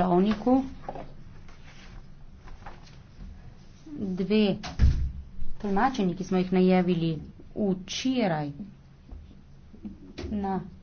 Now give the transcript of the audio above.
poslovniku dve tolmačeni, ki smo jih najavili včeraj na